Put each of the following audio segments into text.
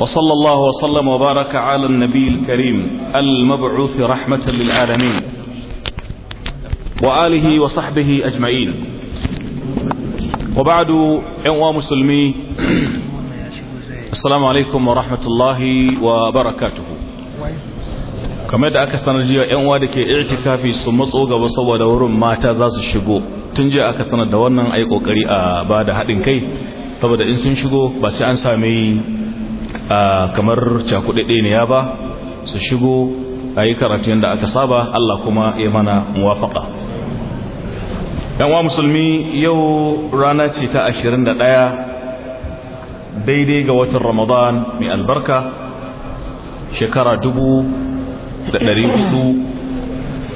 وصلى الله وسلم وبارك على النبي الكريم المبعوث رحمة للعالمين وآله وصحبه أجمعين وبعد عنوى مسلمي السلام عليكم ورحمة الله وبركاته كما يدعى كستانجيو عنوى دكي اعتكافي سمسو قبصو دورم ما تازاز الشقو تنجي أكستان الدورنا أيقو قريئة بعد حد كي فبدأ إنسان شقو بس أنسى kamar cakuɗaɗe ne ya ba su shigo a yi karatu da aka saba Allah kuma ya mana muwafaka wa musulmi yau rana ce ta 21 daidai ga watan ramadan mai albarka shekara dubu da ɗari hudu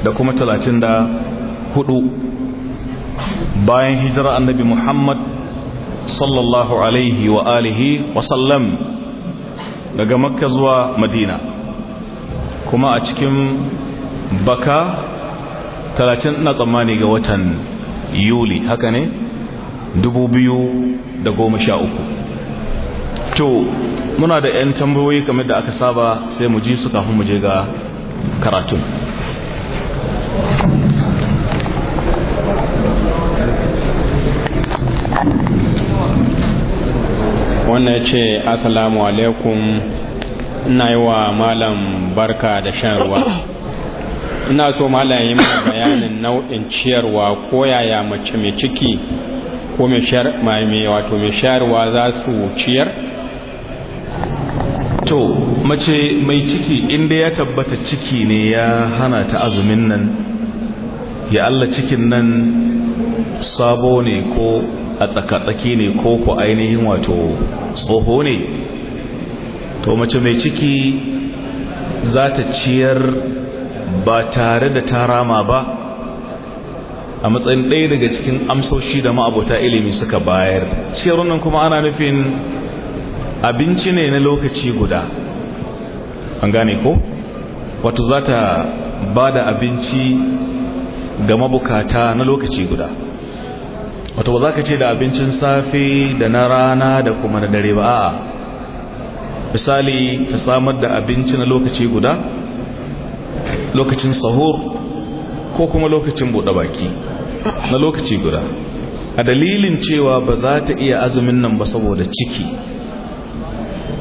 da kuma talatin da hudu bayan hijira annabi muhammad sallallahu alaihi wa alihi wasallam daga makka zuwa madina kuma a cikin baka talatin na tsammani ga watan yuli haka ne dubu biyu da goma sha uku to muna da 'yan tambayoyi kamar da aka saba sai mu ji su kafin mu ga karatun wannan ce assalamu alaikum ina yi wa malam barka da shan ruwa ina so malam yi mana bayanin nau'in ciyarwa ko yaya mace mai ciki ko mai wato mai shayarwa za su ciyar to mace mai ciki inda ya tabbata ciki ne ya hana ta azumin nan ya allah cikin nan sabo ne ko a tsakatsaki ne ko ku ainihin wato tsoho ne to mace mai ciki za ta ciyar ba tare da ta rama ba a matsayin ɗaya daga cikin amsoshi da ma'abota ilimi suka bayar ciyar wannan kuma ana nufin abinci ne na lokaci guda an gane ko wato za ta ba da abinci ga mabukata na lokaci guda wato ba za ka ce da abincin safe da na rana da kuma na dare ba a misali ka samar da abinci na lokaci guda lokacin sahur ko kuma lokacin buɗe baki na lokaci guda a dalilin cewa ba za ta iya azumin nan ba saboda ciki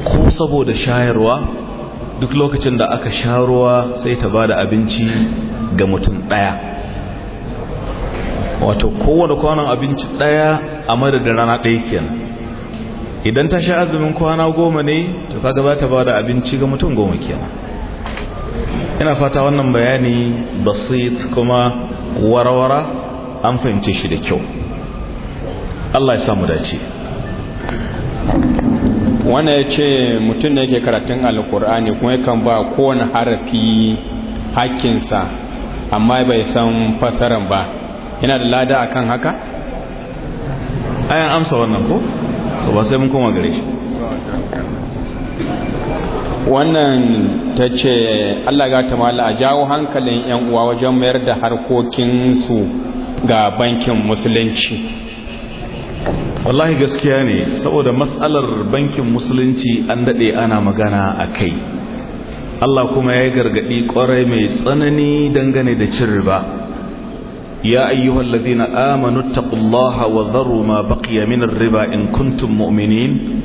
ko saboda shayarwa duk lokacin da aka sha ruwa sai ta ba da abinci ga mutum ɗaya wato kowane kwanon abinci ɗaya a madadin rana ɗaya kenan idan ta sha azumin kwana goma ne to kaga za ta ba da abinci ga mutum goma kenan ina fata wannan bayani basit kuma warawara an fahimce shi da kyau Allah ya samu dace wanda ya ce mutum da yake karatun alkur'ani kuma yakan ba kowane harafi hakinsa amma bai san fasaran ba yana da lada a kan haka ayan amsa wannan ko so ba sai mun koma gare shi wannan ta ce allah ga ta mala a jawo hankalin 'yan uwa wajen mayar da harkokinsu ga bankin musulunci wallahi gaskiya ne saboda matsalar bankin musulunci an daɗe ana magana a kai allah kuma ya yi gargaɗi ƙwarai mai tsanani dangane da cin riba يا أيها الذين آمنوا اتقوا الله وذروا ما بقي من الربا إن كنتم مؤمنين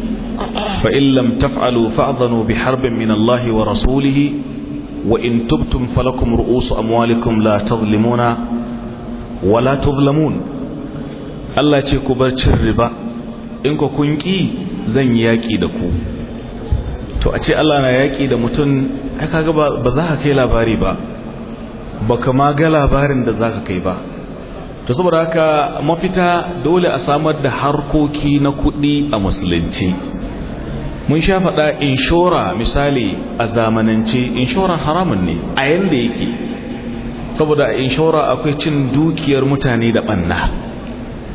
فإن لم تفعلوا فأذنوا بحرب من الله ورسوله وإن تبتم فلكم رؤوس أموالكم لا تظلمون ولا تظلمون Allah ce ku bar cin riba in ku kun ki zan yi yaƙi da ku to a ce Allah na yaƙi da mutum ai kaga ba za ka kai labari ba baka ma ga labarin da zaka kai ba to saboda haka mafita dole a samar da harkoki na kuɗi a musulunci mun sha faɗa inshora misali a zamanance inshora haramun ne a yanda yake saboda a inshora akwai cin dukiyar mutane da ɓanna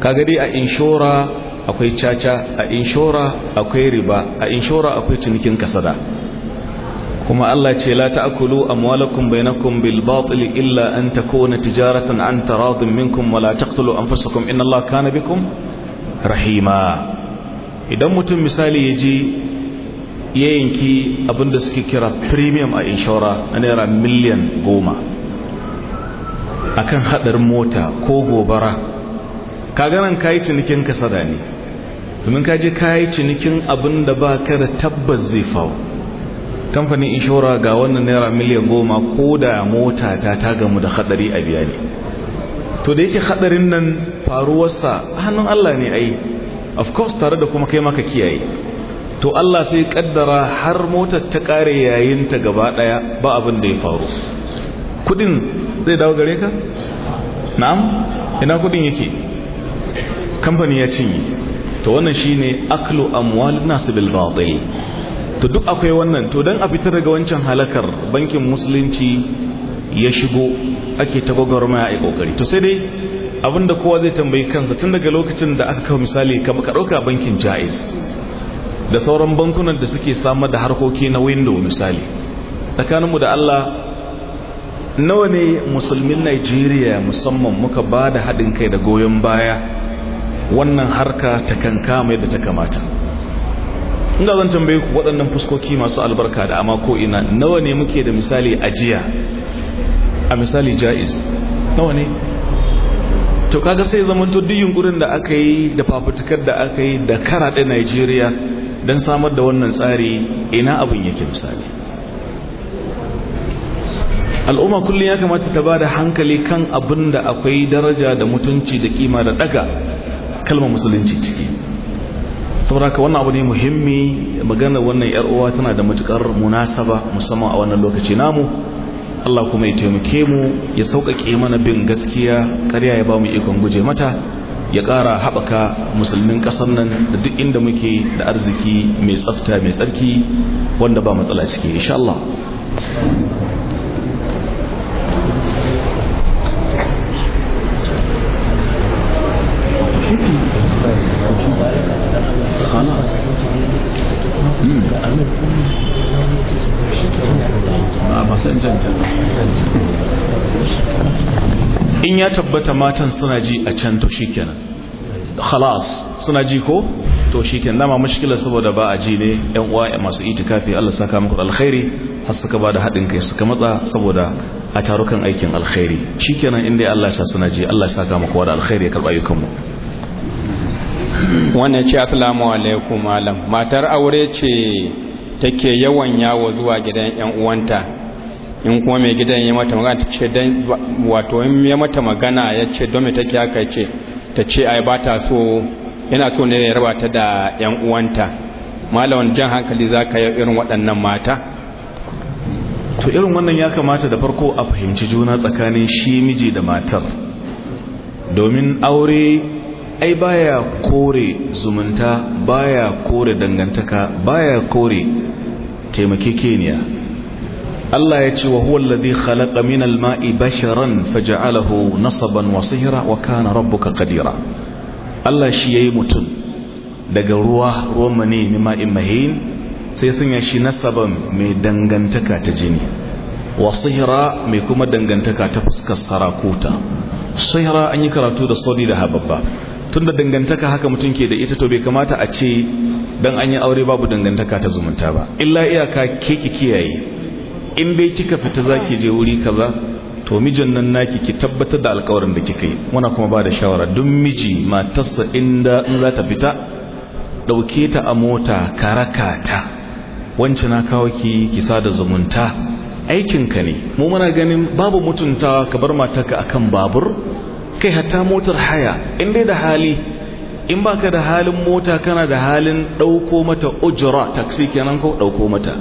dai a inshora akwai caca a inshora akwai riba a inshora akwai cinikin kasada kuma Allah ce la ta'kulu amwalakum bainakum bil batil illa an takuna tijaratan an taradin minkum wa la taqtulu anfusakum inna Allah kana bikum rahima idan mutum misali yaje ya yanki abinda suke kira premium a inshora na naira miliyan goma akan hadar mota ko gobara kaga nan kayi cinikin kasada ne domin kaje kayi cinikin abinda ba ka da tabbas zai faru kamfanin inshora ga wannan naira miliyan goma ko da mota ta ta gamu da hadari a biya ne to da yake hadarin nan faruwarsa hannun Allah ne ai of course tare da kuma kai maka kiyaye to Allah sai kaddara har motar ta kare yayin ta gaba daya ba abin da ya faru kudin zai dawo gare ka na'am ina kudin yake kamfani ya cinye to wannan shine aklu amwal nas bil batil to duk akwai wannan to don a fitar daga wancan halakar bankin musulunci ya shigo ake ta gwagwarmaya a kokari to sai dai abinda kowa zai tambayi kansa tun daga lokacin da aka kawo misali ka ɗauka bankin jais da sauran bankunan da suke samar da harkoki na window misali tsakaninmu da allah nawa ne musulmin Najeriya musamman muka ba da haɗin kai da goyon baya wannan harka ta kankama yadda ta kamata inda zan tambaye ku waɗannan fuskoki masu albarka da amma ko ina nawa ne muke da misali ajiya a misali jaiz nawa ne to kaga sai zaman to duk yunkurin da aka yi da fafutukar da aka yi da karaɗe Najeriya don samar da wannan tsari ina abin yake misali al'umma kullum ya kamata ta ba da hankali kan abin da akwai daraja da mutunci da kima da daga kalmar musulunci ciki saboda wannan abu ne muhimmi magana wannan yar uwa tana da matukar munasaba musamman a wannan lokaci namu Allah kuma ya taimake mu ya sauƙaƙe mana bin gaskiya ƙarya ya ba mu ikon guje mata ya ƙara haɓaka musulmin ƙasar nan da duk inda muke da arziki mai tsafta mai tsarki wanda ba matsala ciki insha Allah in ya tabbata matan suna ji a can to shikenan khalas suna ji ko to shikenan dama mushkilar saboda ba a ji ne yan uwa masu itikafi Allah saka muku alkhairi har suka bada hadin kai suka matsa saboda a tarukan aikin alkhairi shikenan inda Allah ya suna ji Allah saka muku da alkhairi ya karba ayyukan mu wannan ce assalamu alaikum malam matar aure ce take yawan yawo zuwa gidan yan uwanta in kuma mai gidan ya mata magana ta ce don wato in ya mata magana ya ce don me take haka ce ta ce ai ba ta so yana so ne ya raba ta da yan uwanta malawan jan hankali zaka yi irin waɗannan mata to irin wannan ya kamata da farko a fahimci juna tsakanin shi miji da matar domin aure ai baya kore zumunta baya kore dangantaka baya kore taimakekeniya Allah ya ce wa huwa alladhi khalaqa min al-ma'i basharan faja'alahu nasaban wa sihra wa kana rabbuka qadira Allah shi yayi mutum daga ruwa ruwan mani min ma'in mahin sai sanya shi nasaban mai dangantaka ta jini wa sihra mai kuma dangantaka ta fuskar sarakuta sihra an yi karatu da sodi da hababba tunda dangantaka haka mutum ke da ita to bai kamata a ce dan an yi aure babu dangantaka ta zumunta ba illa iyaka ke ki kiyaye in bai kika fita zaki je wuri kaza to mijin nan naki ki tabbatar da alkawarin da kika yi muna kuma ba da shawara duk miji matarsa inda in za ta fita ɗauke ta a mota karaka ta wancan na kawo ki ki sada zumunta aikinka ne mu muna ganin babu mutunta ka bar matarka akan babur kai hatta motar haya in dai da hali in baka da halin mota kana da halin ɗauko mata ujura taxi kenan ko ɗauko mata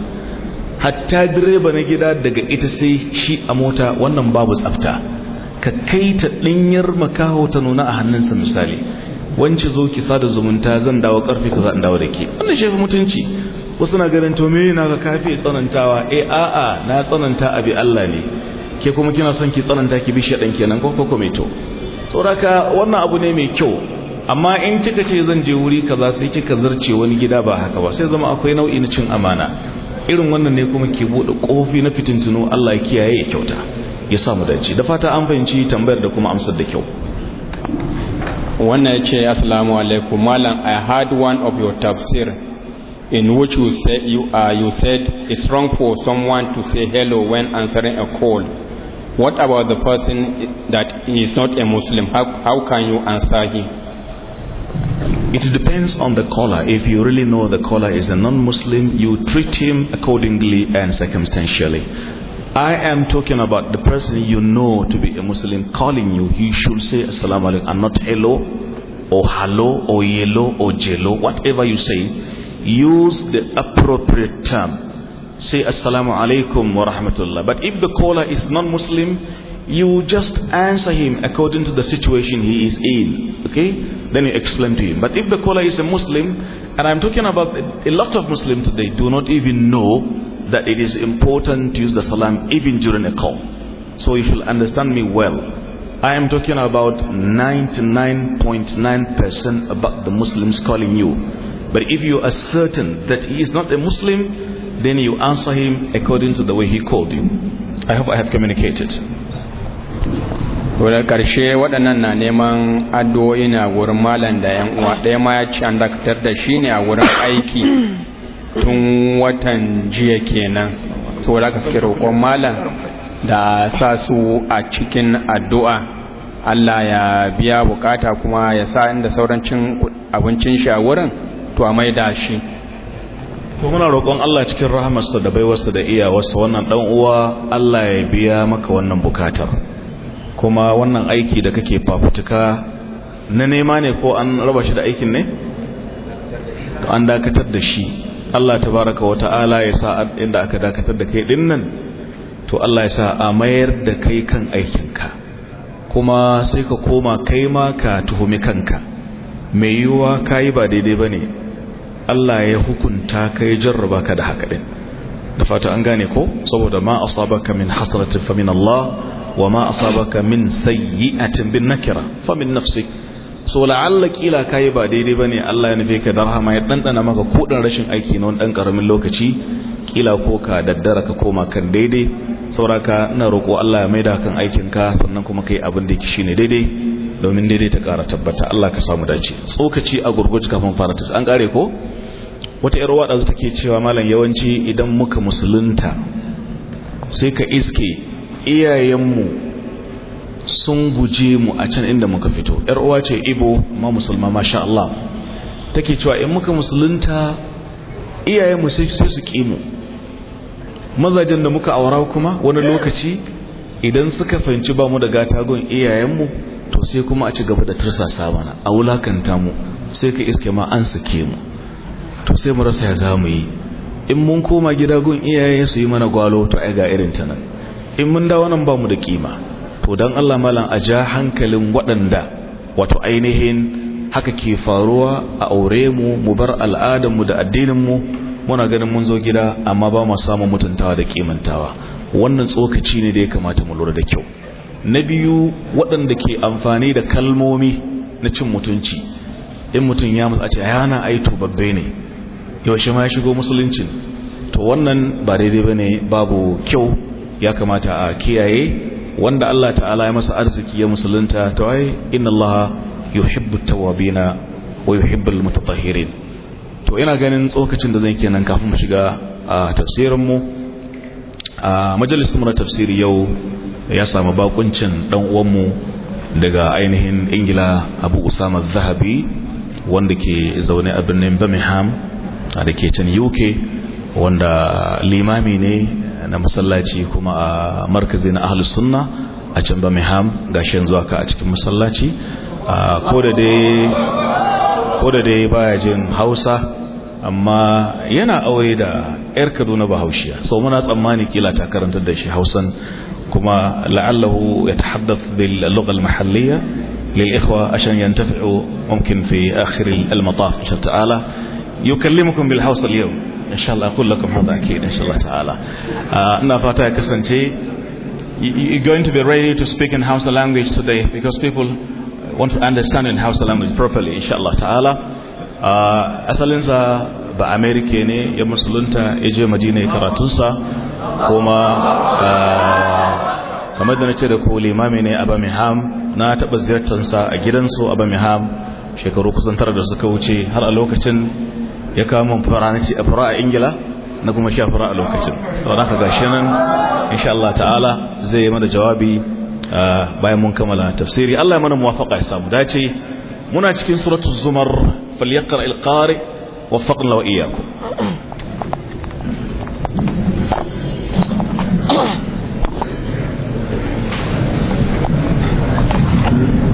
hatta direba na gida daga ita sai shi a mota wannan babu tsafta ka kai ta ɗinyar makaho ta nuna a hannunsa misali wance zo ki sada zumunta zan dawo karfe ka zan dawo da ke wannan shefa mutunci wasu na ganin to meye na ka kafi tsanantawa eh a'a na tsananta abi Allah ne ke kuma kina son ki tsananta ki bishe dan kenan ko ko me to saboda wannan abu ne mai kyau amma in kika ce zan je wuri kaza sai kika zarce wani gida ba haka ba sai zama akwai nau'i na cin amana irin wannan ne kuma ke bude kofi na fitintuno Allah ya kiyaye ya kyauta ya sa mu dace da fata an fahimci tambayar da kuma amsar da kyau wannan yace assalamu alaikum malam i had one of your tafsir in which you said you are uh, you said it's wrong for someone to say hello when answering a call what about the person that is not a muslim how, how can you answer him It depends on the caller. If you really know the caller is a non-Muslim, you treat him accordingly and circumstantially. I am talking about the person you know to be a Muslim calling you. He should say Assalamu alaikum and not hello or hello or yellow or jello. Whatever you say, use the appropriate term. Say Assalamu alaikum wa rahmatullah. But if the caller is non-Muslim, you just answer him according to the situation he is in. Okay? Then you explain to him. But if the caller is a Muslim, and I'm talking about a lot of Muslims today do not even know that it is important to use the salam even during a call. So if you understand me well. I am talking about 99.9% percent about the Muslims calling you. But if you are certain that he is not a Muslim, then you answer him according to the way he called you. I hope I have communicated. to ƙarshe karshe waɗannan na neman addu'o'i na wurin malam da yan uwa ɗaya ma ya ci an dakatar da shi ne a wurin aiki tun watan jiya kenan saboda ka suke roƙon malam da sa su a cikin addu'a Allah ya biya bukata kuma ya sa inda sauran cin abincin shi a wurin to a da shi muna roƙon Allah cikin rahamarsa da baiwarsa da iyawarsa wannan dan uwa Allah ya biya maka wannan bukatar kuma wannan aiki da kake fafutuka na nema ne ko an raba shi da aikin ne an dakatar da shi Allah baraka wa ta'ala ya sa inda aka dakatar da kai din nan to Allah ya sa a mayar da kai kan aikinka kuma sai ka koma kai ma ka tuhumi kanka mai yiwuwa kayi ba daidai bane Allah ya hukunta kai jarraba ka da haka din da fata an gane ko saboda ma asabaka min hasratin fa min Allah Wa min أصابك من سيئة بالنكرة فمن نفسك so la'alla kila kai ba daidai bane Allah ya nufe ka da rahama ya dandana maka kudin rashin aiki na wani karamin lokaci kila ko ka daddara ka koma kan daidai sauraka ina roƙo Allah ya maida kan aikin ka sannan kuma kai abin da yake shine daidai domin daidai ta ƙara tabbata Allah ka samu dace tsokaci a gurgurji kafin fara ta an kare ko wata yar wada ke cewa malam yawanci idan muka musulunta sai ka iske iyayenmu sun guje mu a can inda muka fito yar uwa ce ibo ma musulma masha Allah take cewa in muka musulunta iyayenmu sai su ki mu mazajen da muka aura kuma wani lokaci idan suka fahimci ba mu da gata iyayenmu to sai kuma a ci gaba da tursasa mana a wulakanta mu sai ka iske ma an sake mu to sai mu rasa ya zamu yi in mun koma gida gun iyaye su yi mana gwalo to ai ga irin ta nan in mun dawo nan ba mu da kima to dan Allah malam a ja hankalin waɗanda wato ainihin haka ke faruwa a aure mu mu bar mu da addinin mu muna ganin mun zo gida amma ba mu samun mutuntawa da kimantawa wannan tsokaci ne da ya kamata mu lura da kyau na biyu waɗanda ke amfani da kalmomi na cin mutunci in mutum ya mutu a ce yana aito babbe ne yaushe ma ya shigo musuluncin to wannan ba daidai bane babu kyau ya kamata a kiyaye wanda Allah ta'ala ya masa arziki ya musulunta to ai inna Allah yuhibbu tawabina wa yuhibbu almutatahhirin to ina ganin tsokacin da zan kenan kafin mu shiga a tafsirin mu a majalisin mu na tafsiri yau ya samu bakuncin dan uwan mu daga ainihin Ingila Abu Usama Zahabi wanda ke zaune a birnin Birmingham da ke can UK wanda limami ne na masallaci kuma a markazi na ahlus sunna a can ba miham gashi yanzu aka a cikin masallaci ko da dai ko da dai baya jin Hausa amma yana aure da yar Kaduna Bahaushiya so muna tsammani kila ta karanta da shi Hausan kuma la'allahu ya tahaddath bil lugha al mahalliya lil ikhwa ashan yantafi'u mumkin fi akhir al mataf insha Allah yukallimukum bil Hausa al yawm insha Allah aqul lakum hadha akid insha Allah ta'ala uh, ina fata ya kasance you going to be ready to speak in Hausa language today because people want to understand in Hausa language properly, Allah ta'ala. Uh, sa ba America ne ya musulunta ya je Madina ya karatunsa kuma uh, kamar da na ce da ku limami ne a Birmingham na taɓa ziyartarsa a gidansu a Birmingham shekaru kusan tara da suka wuce har a lokacin ya kawo min fara na ce a fara a ingila na kuma sha fara a lokacin sau da ga shi nan insha Allah ta'ala zai yi mana jawabi bayan mun kammala tafsiri Allah ya mana muwafaka ya samu dace muna cikin suratul zumar falyaqra al-qari waffaqna wa iyyakum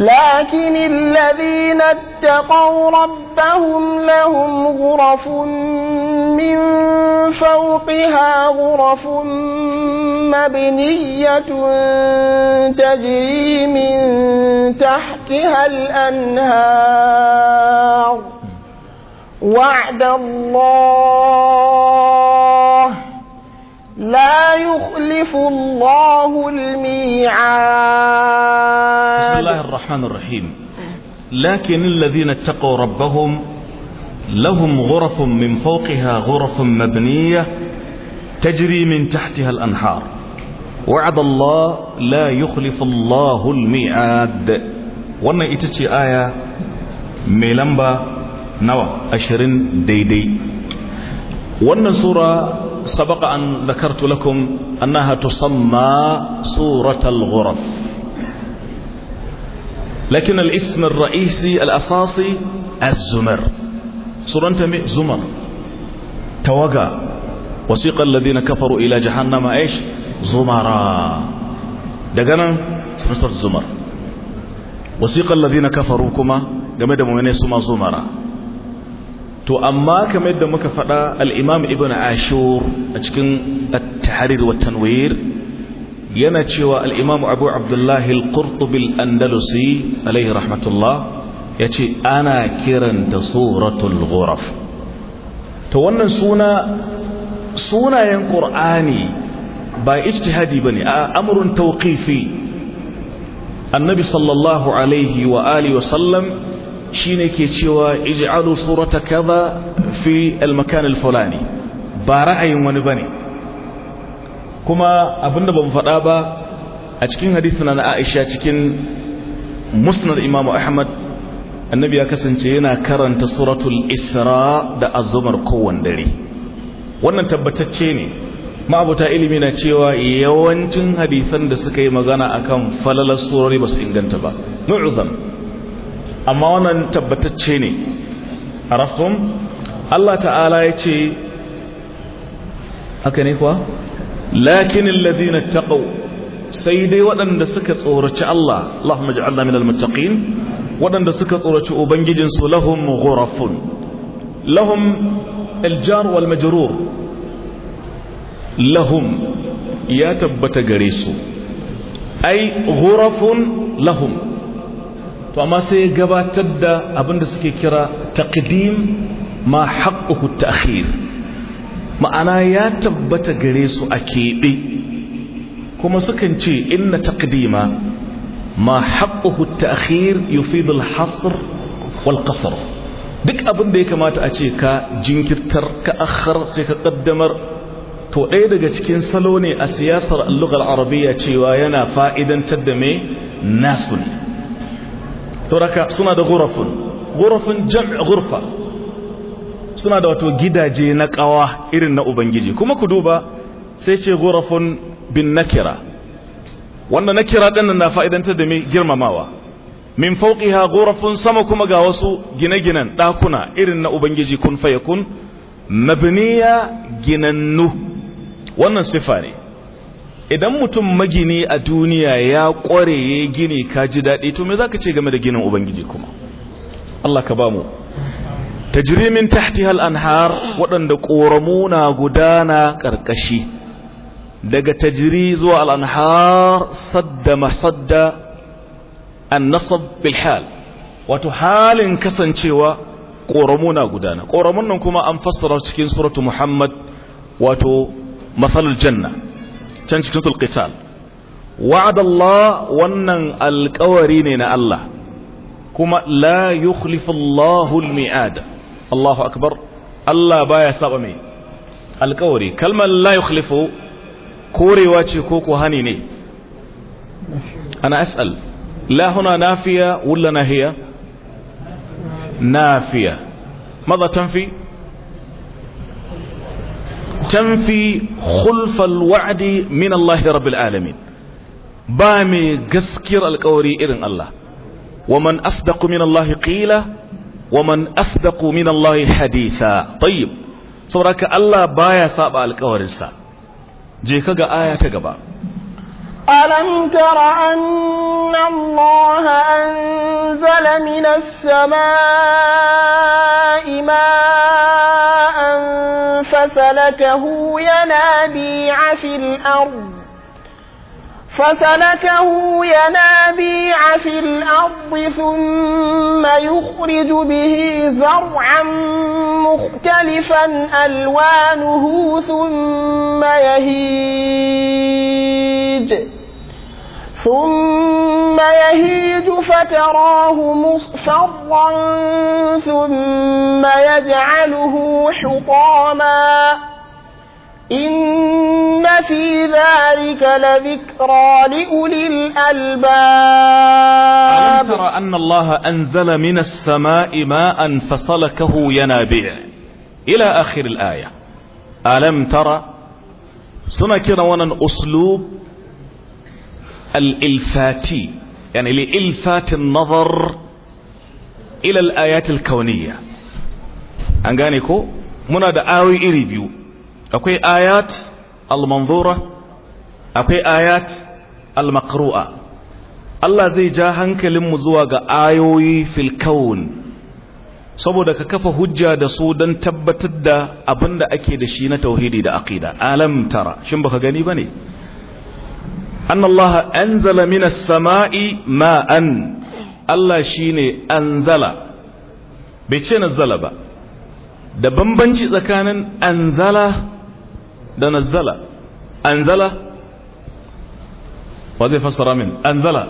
لكن الذين اتقوا ربهم لهم غرف من فوقها غرف مبنية تجري من تحتها الأنهار وعد الله لا يخلف الله الميعاد بسم الله الرحمن الرحيم لكن الذين اتقوا ربهم لهم غرف من فوقها غرف مبنية تجري من تحتها الأنهار وعد الله لا يخلف الله الميعاد وانا اتتي آية ميلمبا نوى أشرين ديدي وانا سورة سبق أن ذكرت لكم أنها تسمى صورة الغرف لكن الاسم الرئيسي الأساسي الزمر صورة زمر توقع وسيق الذين كفروا إلى جهنم إيش زمرا دقنا سنصر زمر وسيق الذين كفروا كما جمد مؤمنين سما زمرا to amma kamar yadda muka faɗa al'imam ibn ashur a cikin at-tahrir wa tanwir yana cewa al'imam abu abdullahi al-qurtubil andalusi alaihi rahmatullah ya ce ana kiranta suratul ghuraf to wannan suna sunayen ƙur'ani ba ijtihadi ba ne a amurin tauƙifi annabi sallallahu alaihi wa alihi wa sallam shine ke cewa ij'alu surata kaza fi al-makan al-fulani ba ra'ayin wani bane kuma abinda ban faɗa ba a cikin hadisin na Aisha cikin musnad Imam Ahmad annabi ya kasance yana karanta suratul Isra da azumar kowanne dare wannan tabbatacce ne ma'abuta ilimi na cewa yawancin hadisan da suka yi magana akan falalar surori ba su inganta ba mu'uzam amma wannan tabbatacce ne araftum Allah ta'ala ya ce haka ne kuwa lakinin ladina taqaw sai dai waɗanda suka tsoraci Allah Allahumma ja'alna minal muttaqin waɗanda suka tsoraci ubangijinsu lahum ghurafun lahum aljar wal majrur lahum ya tabbata gare su ai ghurafun lahum to amma sai gabatar da abin da suke kira taqdim ma haqqu ta'khir ma'ana ya tabbata gare su a keɓe kuma sukan ce inna taqdima ma haqqu ta'khir yufid al-hasr wal qasr duk abinda ya kamata a ce ka jinkirtar ka akhar sai ka qaddamar to ɗaya daga cikin salo ne a siyasar allugar arabiya cewa yana fa'idantar da mai nasu to raka suna da ghurafun ghurafun jam'i gurfa suna da wato gidaje na kawa irin na ubangiji kuma ku duba sai ce ghurafun bin nakira wanda nakira din na fa'idantar da mai girmamawa min fawqiha ghurafun sama kuma ga wasu gine-ginen ɗakuna irin na ubangiji kun fayakun mabniya ginannu wannan sifa ne idan mutum magini a duniya ya kware ya gini ka ji daɗi to me za ka ce game da ginin ubangiji kuma Allah ka ba mu tajrimin tahtihal anhar waɗanda ƙoramu na gudana ƙarƙashi daga tajiri zuwa al'anhar sadda masadda an nasab bilhal wato halin kasancewa ƙoramu na gudana ƙoramun nan kuma an fassara cikin suratu muhammad wato matsalar janna can cikin sul qital wa'adallah wannan alkawari ne na Allah kuma la yukhlifu Allahu al-mi'ad Allahu akbar Allah baya saba mai alkawari kalmar la yukhlifu korewa ce ko ko hani ne ana as'al la huna nafiya wala nahiya nafiya ماذا تنفي tanfi khulfal wa'di min Allah rabbil alamin ba mai gaskiyar alkawari irin Allah wa man asdaqu min Allah qila wa man asdaqu min Allah haditha tayyib saboda Allah baya saba alkawarinsa je ka ga aya ta gaba ألم تر أن الله أنزل من السماء ماء فسلكه ينابيع في الأرض فسلكه ينابيع في الأرض ثم يخرج به زرعا مختلفا ألوانه ثم يهيج ثم يهيج فتراه مصفرا ثم يجعله حطاما إن في ذلك لذكرى لأولي الألباب ألم ترى أن الله أنزل من السماء ماء فسلكه ينابيع إلى آخر الآية ألم ترى suna أسلوب الإلفاتي يعني لإلفات النظر إلى الآيات الكونية أنغانيكو منا دا آوي إريبيو أكوي آيات المنظورة أكوي آيات المقروءة الله زي جاهن كلم زواغ آيوي في الكون saboda ka kafa hujja da su don tabbatar da abin da ake da shi na tauhidi da aqida alam tara shin baka gani bane أن الله أنزل من السماء ماء Allah shi ne anzala bai ce nazala ba da bambanci tsakanin anzala da nazala anzala wa zai fassara min anzala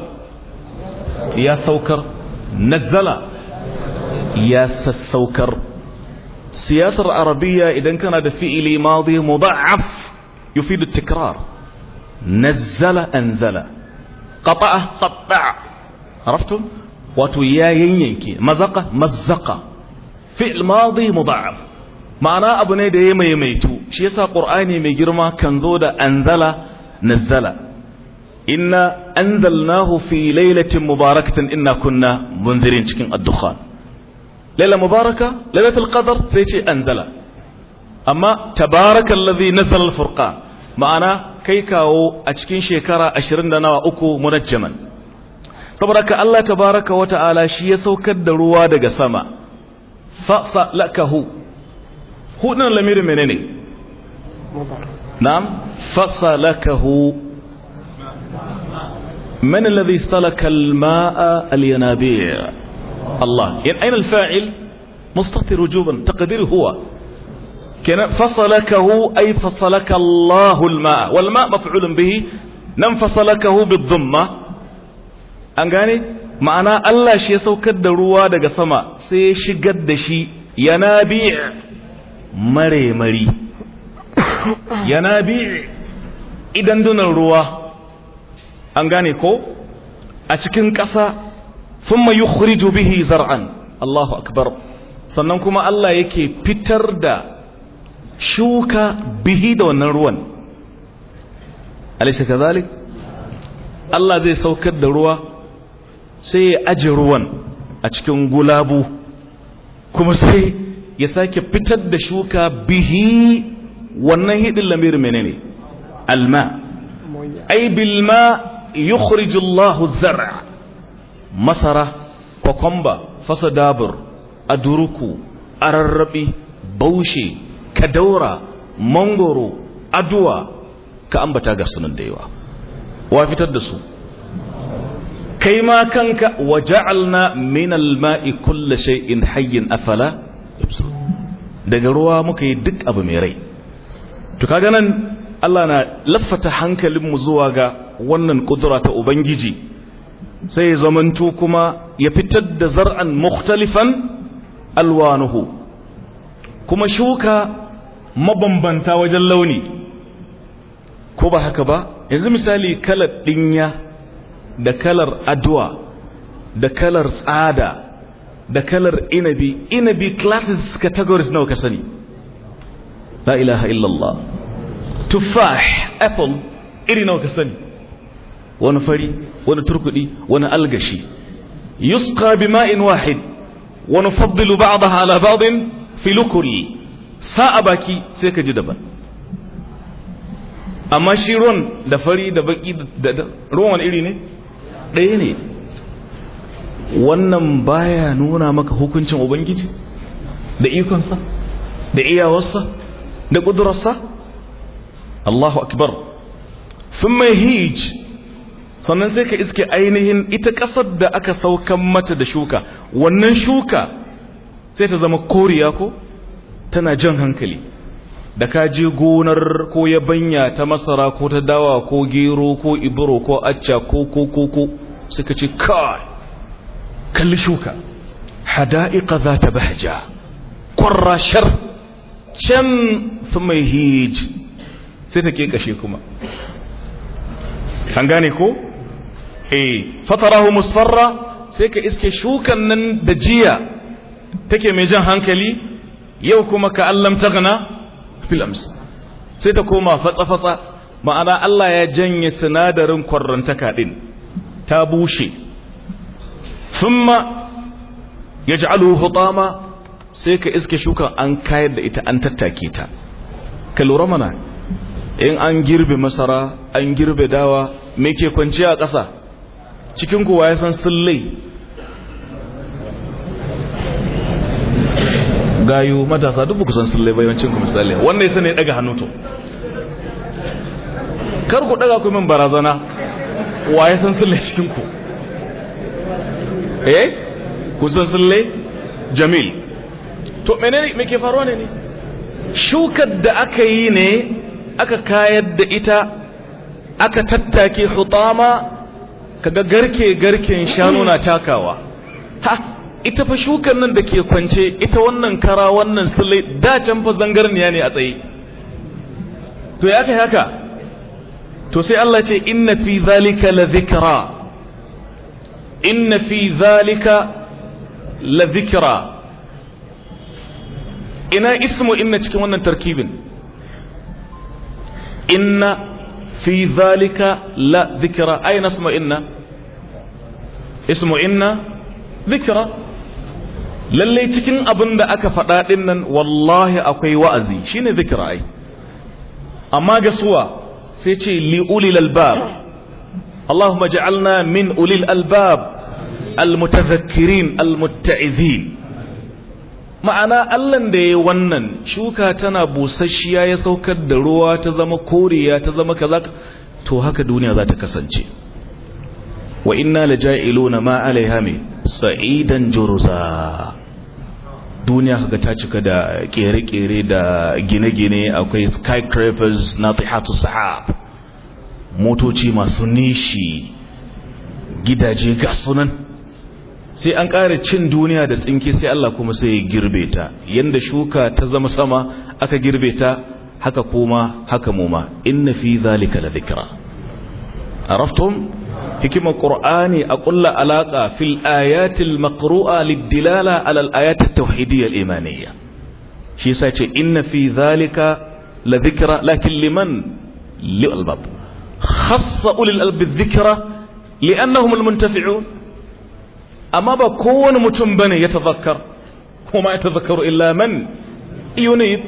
ya saukar nazala ya sassaukar siyasar arabiya idan kana da fi'ili madi mudha'af yufidu tikrar نزل أنزل قطع قطع عرفتم وتويا ينكي مزق مزق فعل ماضي مضاعف معنى أبو نيدا يما يميتو شيسا قرآني جرما كنزود أنزل نزل إنا أنزلناه في ليلة مباركة إنا كنا منذرين شكين الدخان ليلة مباركة ليلة القدر سيتي أنزل أما تبارك الذي نزل الفرقان ma'ana kai kawo a cikin shekara ashirin da nawa uku munajjaman saboda ka Allah tabaaraka wa ta'ala shi ya saukar da ruwa daga sama fasa lakahu hudun lamirin menene na'am fasa lakahu من الذي استلك الماء الينابيع الله يعني أين الفاعل mustatir wujuban taqdiru huwa kenan fasalakahu ai fasalaka Allahu al-ma'a wal ma' maf'ulun bihi nan fasalakahu bidh-dhamma an gane ma'ana Allah shi ya saukar da ruwa daga sama sai shigar da shi yanabi' idan dunan ruwa an gane ko a cikin ƙasa thumma yukhriju bihi zar'an Allahu akbar sannan kuma Allah yake fitar da shuka bihi da wannan ruwan alisa kazalik Allah zai saukar da ruwa sai ya aje ruwan a cikin gulabu kuma sai ya sake fitar da shuka bihi wannan hidin lamir menene alma ai bilma yukhrijullahu zar'a masara kokomba fasadabur aduruku ararrabi baushe ka daura mangoro aduwa ka ambata ga sunan da yawa wa fitar da su kai ma kanka wa ja'alna min al-ma'i kulli shay'in hayyin afala daga ruwa muka yi duk abu mai rai to kaga nan Allah na laffata hankalin mu zuwa ga wannan kudura ta ubangiji sai zamantu zamanto kuma ya fitar da zar'an mukhtalifan alwanuhu kuma shuka mabambanta wajen launi ko ba haka ba yanzu misali kalar dinya da kalar adwa da kalar tsada da kalar inabi inabi classes categories nawa ka sani la ilaha illallah tuffah apple iri nawa ka sani wani fari wani turkudi wani algashi yusqa bima'in wahid ونفضل بعضها على بعض Filukuri sa a baki sai ka ji daban amma shi ruwan da fari da baki da ruwan wani iri ne ɗaya ne wannan baya nuna maka hukuncin ubangiji da ikonsa da iyawarsa da ƙudurarsa Allahu akbar sun mai hijj sannan sai ka iske ainihin ita ƙasar da aka saukan mata da shuka wannan shuka sai ta zama koriya ko tana jan hankali da ka je gonar ko banya ta masara ko ta dawa ko gero ko ibro ko acca ko ko ko ko suka ce kai kalli shuka hada'iqa za ta bahja kwarrashar can mai hiji sai ta ke kashe kuma kan gane ko eh fatarahu musfarra sai ka iske shukan nan da jiya take mai jan hankali yau kuma ka allam tagna gana sai ta koma fatsa-fatsa ma'ana Allah ya janye sinadarin kwarantaka din ta bushe thumma Al'uhu hutama sai ka iske shuka an kayar da ita an tattake ta ka mana in an girbe masara an girbe dawa me ke kwanciya a ƙasa cikin kuwa ya san sullai gayu matasa duk ku san sallai bayancin ku misali wannan yasa ne daga hannu to kar ku daga ku min barazana wa ya san sallai cikin ku eh ku san sallai jamil to menene me ke faruwa ne ne shukar da aka yi ne aka kayar da ita aka tattake hutama kaga garke garken shanu na takawa ha ita fa shukan nan da ke kwance ita wannan kara wannan sulai da can fa zangarniya ne a tsaye to ya kai haka to sai Allah ce inna fi zalika la dhikra inna fi zalika la dhikra ina ismu inna cikin wannan tarkibin inna fi zalika la dhikra ay nasma inna ismu inna dhikra lallai cikin abin da aka faɗa ɗin nan wallahi akwai wa'azi shine zikira ai amma ga suwa sai ce li ulil albab Allahumma ja'alna min ulil albab almutazakkirin almutta'izin ma'ana allan da ya wannan shuka tana busasshiya ya saukar da ruwa ta zama koriya ta zama kaza to haka duniya za ta kasance wa inna laja'iluna ma alaiha mai sa'idan juruza duniya kaga ta cika da kere-kere da gine-gine akwai skyscrapers na tihatu sahab motoci masu nishi gidaje ga sunan sai an ƙara cin duniya da tsinke sai Allah kuma sai girbe ta yanda shuka ta zama sama aka girbe ta haka kuma haka muma inna fi zalika la zikra araftum hikimar qur'ani a ƙulla alaƙa fil ayatil maqru'a lidilala alal ayati ayat at imaniyya shi yasa ce inna fi dhalika la dhikra lakin liman li albab khassa ulil albab dhikra li'annahum al amma ba kowani mutum bane ya tafakkar kuma ya tafakkaru illa man yunib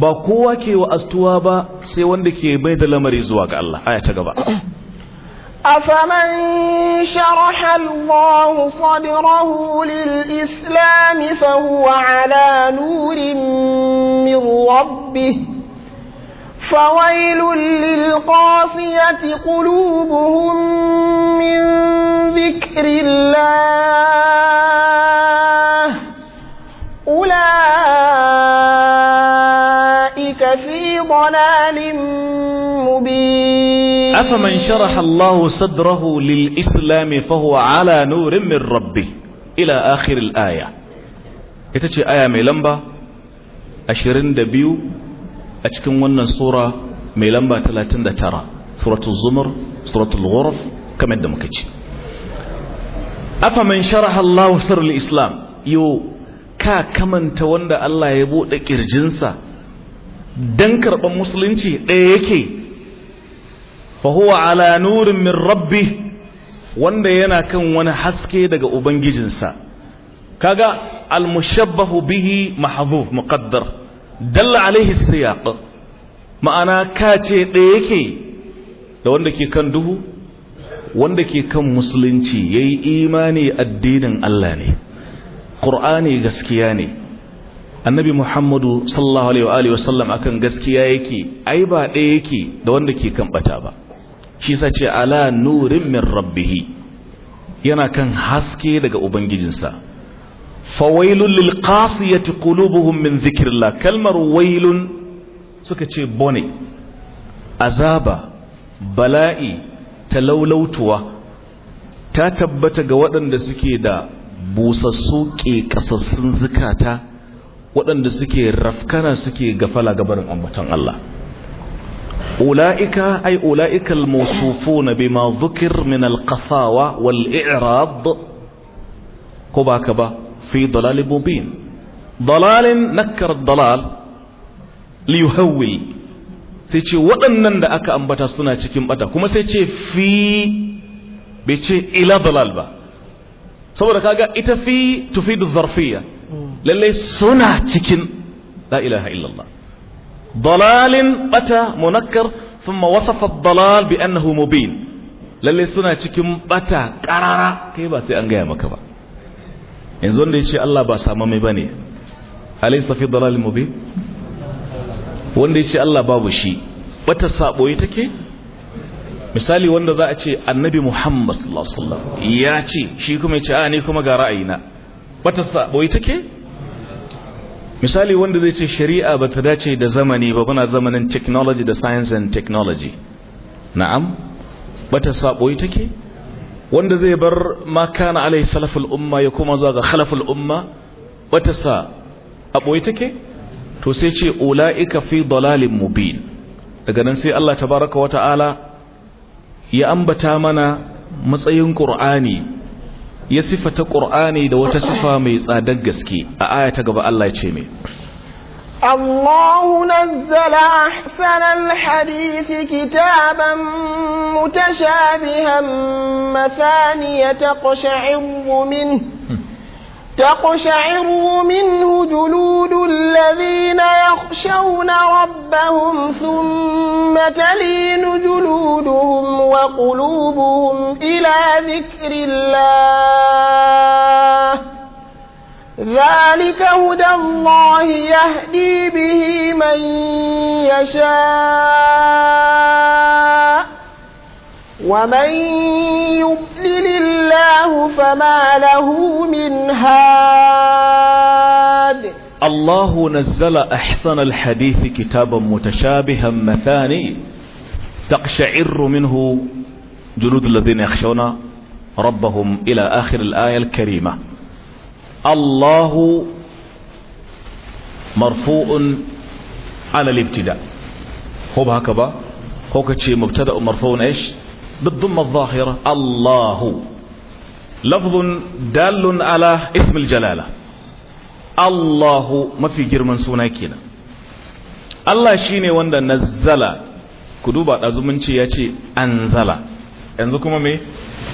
ba kowa ke wa astuwa ba sai wanda ke bai da lamari zuwa ga Allah aya ta gaba أفمن شرح الله صدره للإسلام فهو على نور من ربه فويل للقاسية قلوبهم من ذكر الله أولئك في ضلال مبين أفمن شرح الله صدره للإسلام فهو على نور من ربه إلى آخر الآية يتشي آية ميلمبا أشرين دبيو أتكن ونن سورة ميلمبا تلاتين دترى سورة الزمر سورة الغرف كما يدمكج أفمن شرح الله صدر الإسلام يو ka kamanta wanda Allah ya buɗe ƙirjinsa don karɓar musulunci ɗaya yake fahuwa ala Nuri min rabbi wanda yana kan wani haske daga ubangijinsa kaga almushabbahu bihi mahbub muqaddar dalla alaihi siyaq ma'ana kace da yake da wanda ke kan duhu wanda ke kan musulunci yayi imani addinin Allah ne qur'ani gaskiya ne annabi muhammadu sallallahu alaihi wa sallam akan gaskiya yake ai ba ɗaya yake da wanda ke kan bata ba shi sa ce ala nurin min rabbihi yana kan haske daga ubangijinsa fawailun lil qasiyati qulubuhum min dhikrillah kalmar wailun suka ce bone azaba bala'i talaulautuwa ta tabbata ga waɗanda suke da busassu kasassun zukata waɗanda suke rafkana suke gafala gabarin ambaton Allah أولئك أي أولئك الموصوفون بما ذكر من القصاوة والإعراض كباكبة في ضلال مبين ضلال نكر الضلال ليهول سيتي وأنن دأك أمبتا سنة تكيم أتا كما سيتي في بيتي إلى ضلال با سوى ركاقة في تفيد الظرفية للي سنة تكيم لا إله إلا الله ضلال أتى منكر ثم وصف الضلال بأنه مبين للي suna cikin bata karara kai ba sai an gaya maka ba yanzu wanda ya ce Allah ba samu mai bane alaysa fi dalalin mubin wanda ya ce Allah misali wanda za a ce annabi Muhammad sallallahu alaihi wasallam ya ce shi kuma ya ce a ni kuma ga ra'ayina bata sabo take misali wanda zai ce shari'a ba ta dace da zamani ba muna zamanin technology da science and technology na'am bata sabo take wanda zai bar ma kana alai salaful umma ya kuma zuwa ga khalaful umma bata sa aboyi take to sai ce ulaika fi dalalin mubin daga nan sai Allah tabaraka wata'ala ya ambata mana matsayin qur'ani ya siffata ƙur'ani da wata siffa mai tsadar gaske a aya ta gaba Allah ya ce mai Allah nazzala ahsanal hadisi kitaban mutashabihan mathaniya ta min hmm. تقشعر منه جلود الذين يخشون ربهم ثم تلين جلودهم وقلوبهم إلى ذكر الله ذلك هدى الله يهدي به من يشاء ومن يضلل الله فما له من هاد الله نزل أحسن الحديث كتابا متشابها مثاني تقشعر منه جلود الذين يخشون ربهم إلى آخر الآية الكريمة الله مرفوع على الابتداء هو بهكذا هو كتشي مبتدأ مرفوع ايش بالضمة الظاهرة الله لفظ دال على اسم الجلالة الله ما في جرمان سوناكينا الله شيني وندا نزل كدوبا أزمنشي ياتي أنزل أنزكم مي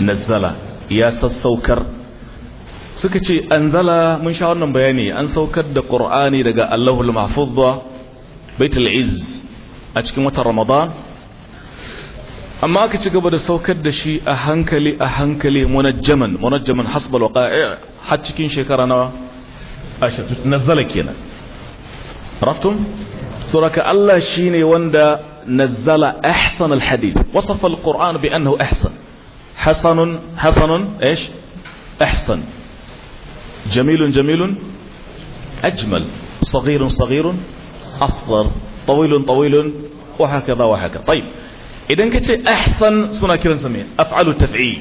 نزل يا سسوكر suka ce an zala mun sha wannan bayani an saukar da ƙur'ani daga allahul mahfuz baitul iz a cikin watan ramadan amma aka ci gaba da saukar da shi a hankali a hankali munajjaman munajjaman hasbal waqa'i' har cikin shekara nawa ashatu nazala kenan raftum suraka Allah shine wanda nazala ahsan alhadith wasafa alquran bi annahu ahsan hasanun hasanun ايش ahsan jamilun jamilun ajmal صغير صغير اصغر طويل طويل وهكذا وهكذا طيب idan ka ce ahsan suna kiransa mai af'alu taf'i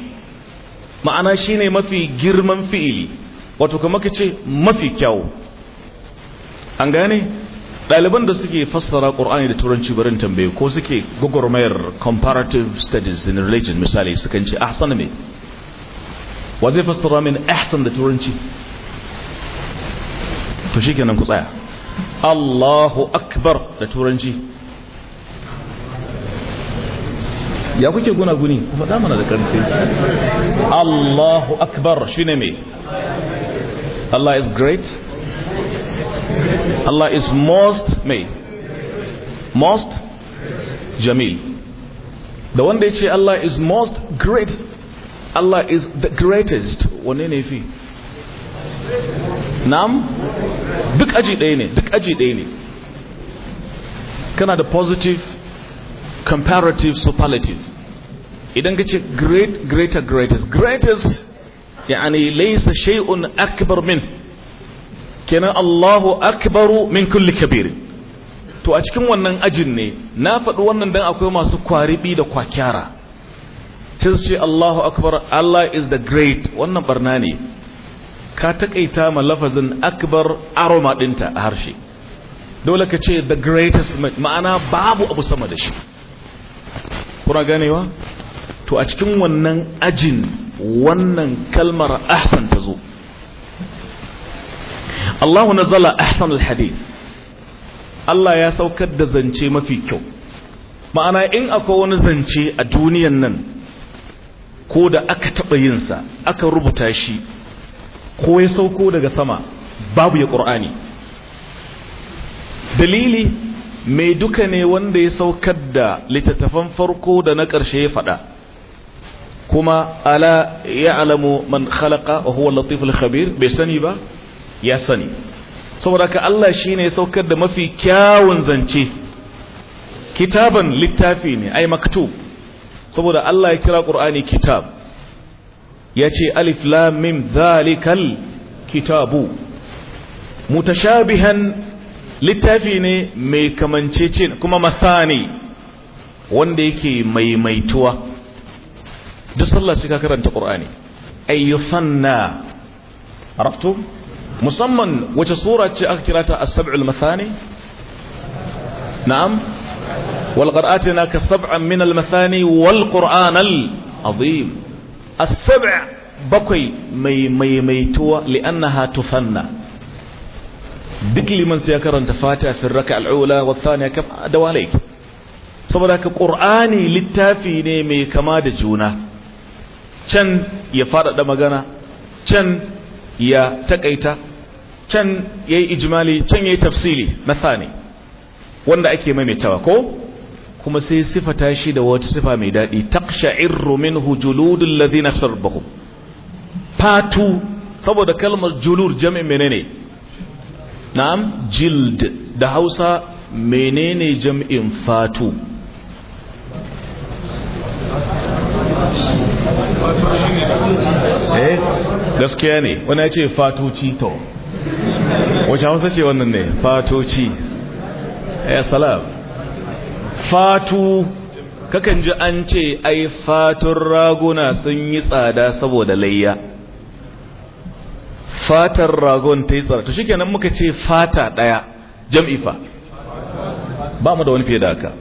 ma'ana shine mafi girman fi'ili wato kama ka ce mafi kyau an gane ɗaliban da suke fassara ƙur'ani da turanci barin tambaye ko suke gwagwarmayar comparative studies in religion misali sukan ce ahsan mai wa zai fassara min ahsan da turanci to shi kenan ku tsaya Allahu akbar da turanci ya kuke gunaguni guni ku faɗa mana da ƙarfi Allahu akbar shine me Allah is great Allah is most me most jamil da wanda ya ce Allah is most great Allah is the greatest wanne ne fi nam duk aji ɗaya ne duk aji ɗaya ne kana da positive comparative superlative idan ka ce great greater greatest greatest yani laysa shay'un akbar min kenan Allahu akbaru min kulli kabir to a cikin wannan ajin ne na faɗi wannan dan akwai masu kwaribi da kwakyara sai ce Allahu akbar Allah is the great wannan barna ne ka taƙaita ma lafazin akbar aroma dinta a harshe dole ka ce the greatest ma'ana babu abu sama da shi kuna ganewa to a cikin wannan ajin wannan kalmar ahsan ta zo Allah nazala ahsan al Allah ya saukar da zance mafi kyau ma'ana in akwai wani zance a duniyan nan ko da aka taɓa yinsa aka rubuta shi ko ya sauko daga sama babu ya ƙur'ani dalili mai duka ne wanda ya saukar da littattafan farko da na ƙarshe ya faɗa kuma ala ya alamu man khalaqa a huwa latiful khabir bai sani ba ya sani saboda ka Allah shine ya saukar da mafi kyawun zance kitaban littafi ne ai maktub saboda Allah ya kira ƙur'ani kitab ya ce alif lam mim zalikal kitabu mutashabihan littafi ne mai kamancece kuma mathani wanda yake maimaituwa duk sallah sai ka karanta qur'ani ayyusanna araftu musamman wace sura ce aka kira ta as-sab'ul mathani na'am wal qira'atina ka sab'an min al-mathani wal qur'an al-azim as-sab' bakwai mai maimaituwa li'annaha tufanna duk liman sai ya karanta fata fi raka al'ula wa thaniya kam da walai saboda ka qur'ani littafi ne mai kama da juna can ya faɗaɗa magana can ya takaita can yayi ijmali can yayi tafsili mathani wanda ake maimaitawa ko kuma sai sifata shi da wata sifa mai daɗi taqsha'irru minhu juludul ladina sarbahu fatu saboda kalmar julur jami'in menene na'am jild da hausa menene jam'in fatu eh gaskiya ne wani ya ce fatoci to wacce hausa ce wannan ne fatoci eh salam fatu kakan ji an ce ai fatun raguna sun yi tsada saboda layya fatar ragon ta yi tsara to kenan muka ce fata daya jam'i fa ba mu da wani fiye da haka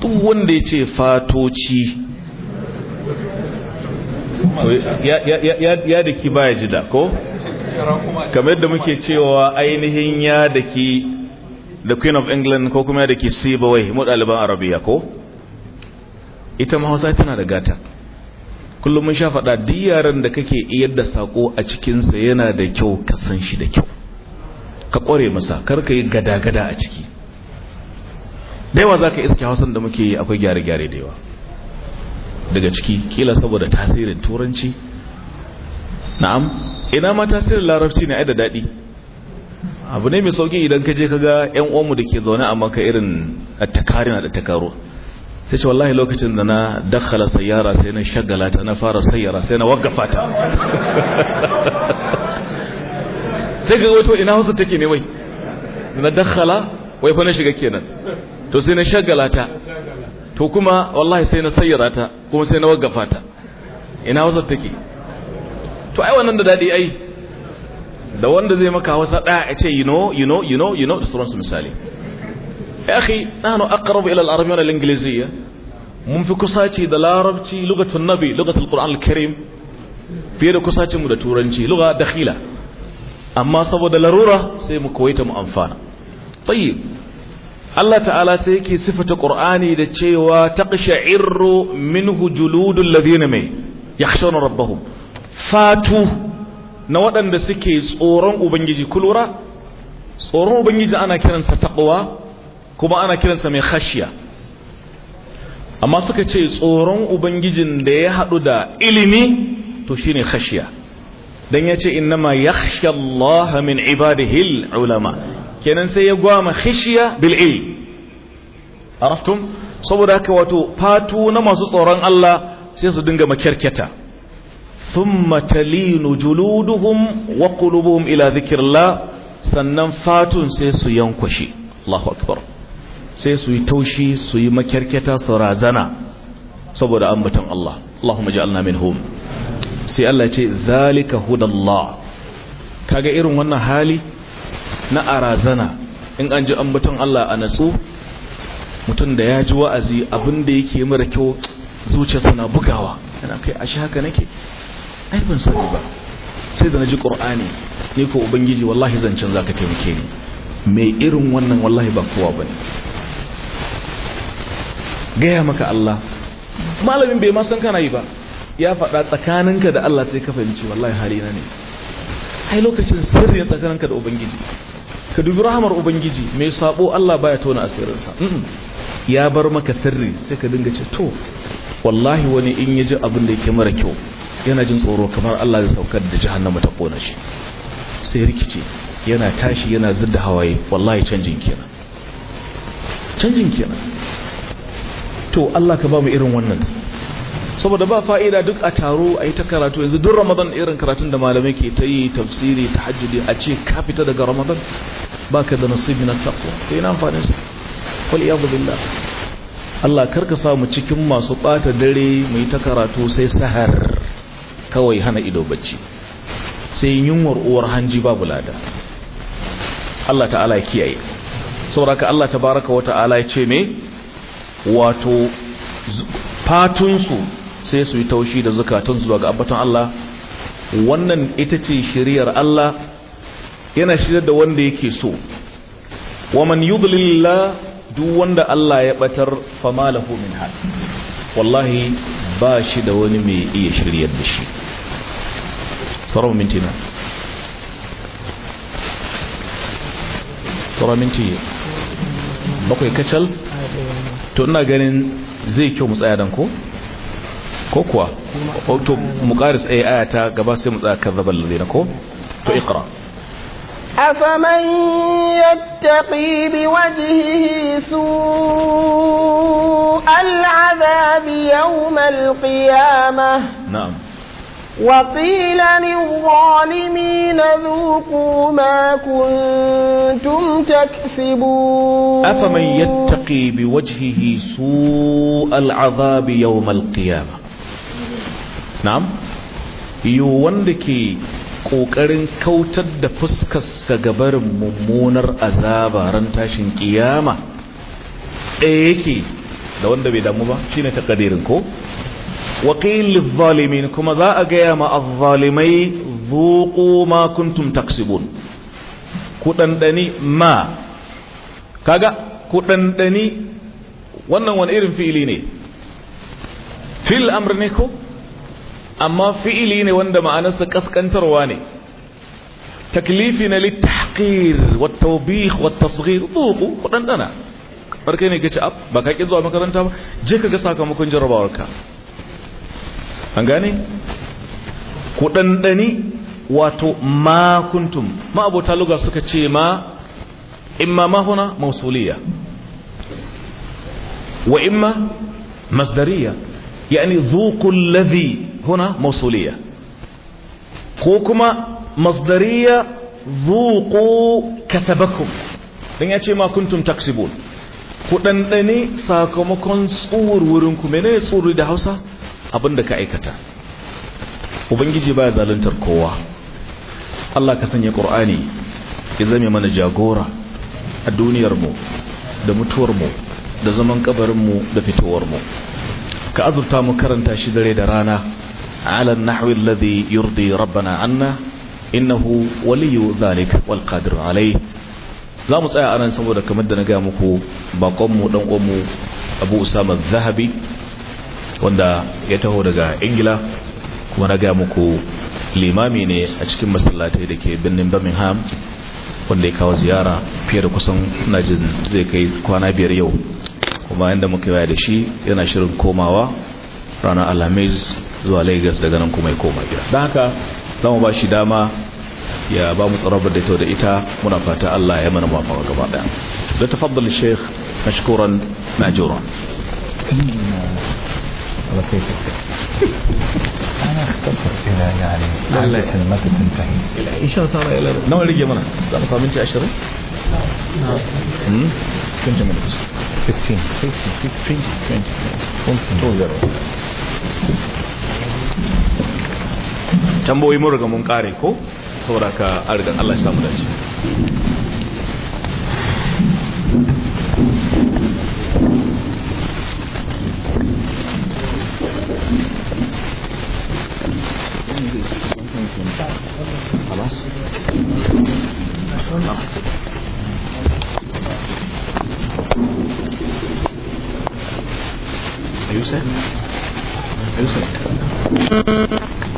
duk wanda ya ce fatoci ya da ki baya ji da ko kamar yadda muke cewa ainihin ya da ki the queen of england ko kuma ya da ki sibawai mu ɗaliban arabiya ko ita ma hausa tana da gata kullum mun sha faɗa duk yaran da kake iyar da sako a cikinsa yana da kyau ka san shi da kyau ka ƙware masa kar ka yi gada-gada a ciki da yawa za ka iske hausan da muke yi akwai gyare-gyare da yawa daga ciki kila saboda tasirin turanci na'am ina ma tasirin larabci ne ai da daɗi abu ne mai sauƙi idan ka je ka ga 'yan uwanmu da ke zaune a maka irin a takarin a da takaro Sai ce wallahi lokacin da na dakhala sayara sai na shagala ta na fara sayara sai na wagafa ta sai ga wato ina hausa take ne wai na dakhala wai fa na shiga kenan to sai na shagala ta to kuma wallahi sai na sayara ta kuma sai na wagafa ta ina hausa take to ai wannan da dadi ai da wanda zai maka hausa daya a ce you know you know you know you know da sauransu misali يا أخي نحن أقرب إلى العربية والإنجليزية من في كساتي دل عربتي لغة النبي لغة القرآن الكريم في هذا كساتي مدى تورنجي لغة دخيلة أما صبو دل رورة سيمو كويتا مؤنفانا طيب الله تعالى سيكي صفة قرآني دي وتقشعر منه جلود الذين مي يخشون ربهم فاتو نوعدن دسكي سورون وبنجي كلورا سورون وبنجي أنا كنن ستقوى kuma ana kiransa mai khashiya amma suka ce tsoron ubangijin da ya haɗu da ilimi to shine khashiya dan ya ce innama yakhsha Allah min ibadihi ulama kenan sai ya gwama khashiya bil ilm araftum saboda haka wato fatu na masu tsoron Allah sai su dinga makyarketa thumma talinu juluduhum wa qulubuhum ila dhikrillah sannan fatun sai su yankwashi Allahu akbar sai su yi taushi su yi makyarketa su razana saboda ambatan Allah Allahumma ja'alna minhum sai Allah ce zalika hudallah kaga irin wannan hali na arazana in an ji ambatan Allah a natsu mutum da ya ji wa'azi abinda da yake mara kyau zuciyarsa na bugawa yana kai a shi haka nake ai ban sani ba sai da na ji ƙur'ani ni ko ubangiji wallahi zancen za ka taimake ni mai irin wannan wallahi ba kowa ba ne gaya maka Allah malamin bai ma san kana yi ba ya faɗa tsakaninka da Allah sai ka fahimci wallahi halina ne ai lokacin sirri na tsakaninka da ubangiji ka dubi rahamar ubangiji mai sabo Allah baya tona asirinsa ya bar maka sirri sai ka dinga ce to wallahi wani in ya ji abin da yake mara kyau yana jin tsoro kamar Allah zai saukar da jahannama ta kona shi sai rikice yana tashi yana zidda hawaye wallahi canjin kenan canjin kenan to Allah ka ba mu irin wannan saboda ba fa'ida duk a taro a yi ta karatu yanzu duk ramadan irin karatun da malamai ke ta yi tafsiri ta hajjudi a ce ka fita daga ramadan ba ka da nasibi na takwa ta yi na amfaninsa kwal iya billah Allah karka samu cikin masu ɓata dare mu yi ta karatu sai sahar kawai hana ido bacci sai yunwar uwar hanji babu lada Allah ta'ala ya kiyaye saboda ka Allah tabaraka wa ta'ala ya ce me wato fatunsu sai su yi taushi da zukatunsu zuwa ga abbatan Allah wannan ita ce shiriyar Allah yana shirya da wanda yake so wa man duk wanda Allah ya batar fa min hal wallahi ba shi da wani mai iya shiryar da shi sauran minti na minti bakwai kacal to ina ganin zai kyau mu tsaya dan ko ko kuwa to mu karis ai eh, aya ta gaba sai mu tsaya kazzabal ladina ko to iqra afaman yattaqi biwajhihi su'al 'adhabi yawm al-qiyamah na'am وقيل للظالمين ذوقوا ما كنتم تكسبون أفمن يتقي بوجهه سوء العذاب يوم القيامة نعم يواندكي ƙoƙarin kautar da fuskarsa gabarin mummunar azaba ran tashin ƙiyama ɗaya yake da wanda bai damu ba shine takadirin ko waƙilin zalimin kuma za a gaya ma azzalimai zuƙo ma kuntum taksibun kuɗanɗani ma kaga kuɗanɗani wannan wani irin fi'ili ne fil amr ko amma fi'ili ne wanda ma'anarsa kaskantarwa ne taklifi na littahqir wa tawbih wa barkai ne kace ab ba ka ki zuwa makaranta ba je ka ga sakamakon jarabawarka an gane ku ɗanɗani wato ma kuntum ma abota luga suka ce ma imma mahuna mausuliya wa imma masdariya yani zuqul ladhi huna mausuliya ko kuma masdariya zuqu kasabakum dan ya ce ma kuntum taksibun ku ɗanɗani sakamakon tsuwar wurinku menene tsuri da hausa abin da ka aikata ubangiji baya zaluntar kowa Allah ka sanya ƙur'ani ya zame mana jagora a duniyar mu da mutuwarmu, da zaman kabarin mu da fitowar mu ka azurta mu karanta shi dare da rana alan nahwi alladhi yurdi rabbana anna innahu waliyyu zalika wal qadir za mu tsaya anan saboda kamar da na ga muku bakonmu mu dan Abu Usama Zahabi wanda ya taho daga ingila kuma na gaya muku limami ne a cikin masallatai da ke birnin birmingham wanda ya kawo ziyara fiye da kusan najin zai kai kwana biyar yau kuma yadda muka yaya da shi yana shirin komawa ranar alhamis zuwa lagos daga nan kuma ya koma gida don haka za mu ba shi dama ya ba mu tsarabar da da ita muna fata allah ya mana mafawa gaba daya da tafaddal sheikh mashkuran majoran على كيف يعني تنتهي شاء الله تعالى نوع اللي جمعنا لا صار كم جمعنا 15 15 mun riga mun kare ko saboda ka argan Allah ya samu dace 好吧，啊，有声，有声。